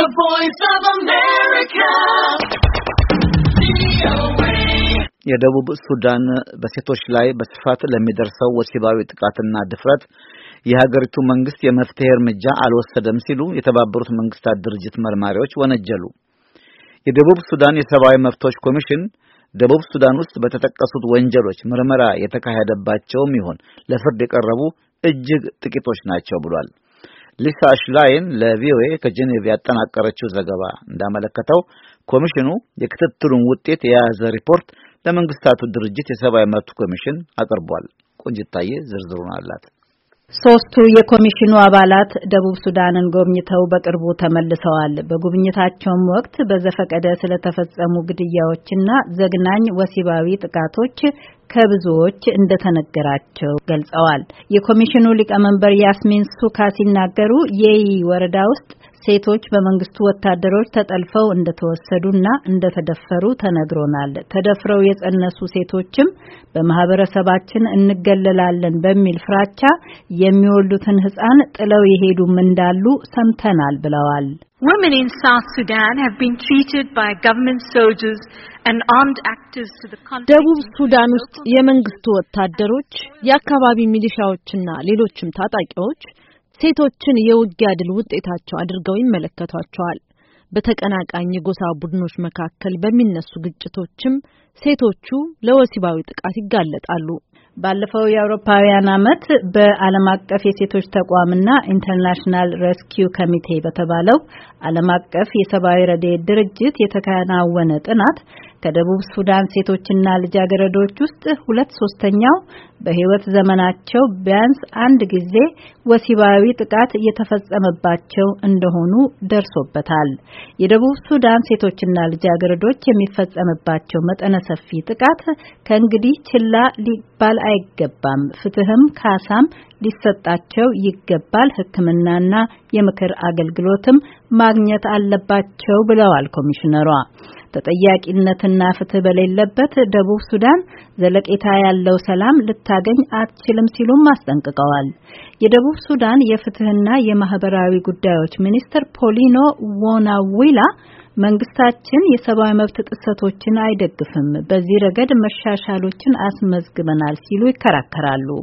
The Voice of America. የደቡብ ሱዳን በሴቶች ላይ በስፋት ለሚደርሰው ወሲባዊ ጥቃትና ድፍረት የሀገሪቱ መንግስት የመፍትሄ እርምጃ አልወሰደም ሲሉ የተባበሩት መንግስታት ድርጅት መርማሪዎች ወነጀሉ። የደቡብ ሱዳን የሰብአዊ መብቶች ኮሚሽን ደቡብ ሱዳን ውስጥ በተጠቀሱት ወንጀሎች ምርመራ የተካሄደባቸውም ይሁን ለፍርድ የቀረቡ እጅግ ጥቂቶች ናቸው ብሏል። ሊሳ ሽላይን ለቪኦኤ ከጄኔቭ ያጠናቀረችው ዘገባ እንዳመለከተው ኮሚሽኑ የክትትሉን ውጤት የያዘ ሪፖርት ለመንግስታቱ ድርጅት የሰብአዊ መብት ኮሚሽን አቅርቧል። ቆንጅታዬ ዝርዝሩን አላት። ሶስቱ የኮሚሽኑ አባላት ደቡብ ሱዳንን ጎብኝተው በቅርቡ ተመልሰዋል። በጉብኝታቸውም ወቅት በዘፈቀደ ስለተፈጸሙ ግድያዎችና ዘግናኝ ወሲባዊ ጥቃቶች ከብዙዎች እንደተነገራቸው ገልጸዋል። የኮሚሽኑ ሊቀመንበር ያስሚን ሱካ ሲናገሩ የይ ወረዳ ውስጥ ሴቶች በመንግስቱ ወታደሮች ተጠልፈው እንደተወሰዱና እንደተደፈሩ ተነግሮናል። ተደፍረው የጸነሱ ሴቶችም በማህበረሰባችን እንገለላለን በሚል ፍራቻ የሚወልዱትን ሕፃን ጥለው የሄዱም እንዳሉ ሰምተናል ብለዋል። ደቡብ ሱዳን ውስጥ የመንግስቱ ወታደሮች፣ የአካባቢ ሚሊሻዎችና ሌሎችም ታጣቂዎች ሴቶችን የውጊያ ድል ውጤታቸው አድርገው ይመለከቷቸዋል። በተቀናቃኝ የጎሳ ቡድኖች መካከል በሚነሱ ግጭቶችም ሴቶቹ ለወሲባዊ ጥቃት ይጋለጣሉ። ባለፈው የአውሮፓውያን ዓመት በዓለም አቀፍ የሴቶች ተቋምና ኢንተርናሽናል ሬስኪው ኮሚቴ በተባለው ዓለም አቀፍ የሰብአዊ ረድኤት ድርጅት የተከናወነ ጥናት ከደቡብ ሱዳን ሴቶችና ልጃገረዶች ውስጥ ሁለት ሶስተኛው በህይወት ዘመናቸው ቢያንስ አንድ ጊዜ ወሲባዊ ጥቃት እየተፈጸመባቸው እንደሆኑ ደርሶበታል። የደቡብ ሱዳን ሴቶችና ልጃገረዶች የሚፈጸምባቸው መጠነ ሰፊ ጥቃት ከእንግዲህ ችላ ሊባል አይገባም። ፍትህም ካሳም ሊሰጣቸው ይገባል። ሕክምናና የምክር አገልግሎትም ማግኘት አለባቸው ብለዋል ኮሚሽነሯ። ተጠያቂነትና ፍትህ በሌለበት ደቡብ ሱዳን ዘለቄታ ያለው ሰላም ልታገኝ አትችልም ሲሉም አስጠንቅቀዋል። የደቡብ ሱዳን የፍትህና የማህበራዊ ጉዳዮች ሚኒስትር ፖሊኖ ዎናዊላ መንግስታችን የሰብአዊ መብት ጥሰቶችን አይደግፍም፣ በዚህ ረገድ መሻሻሎችን አስመዝግበናል ሲሉ ይከራከራሉ።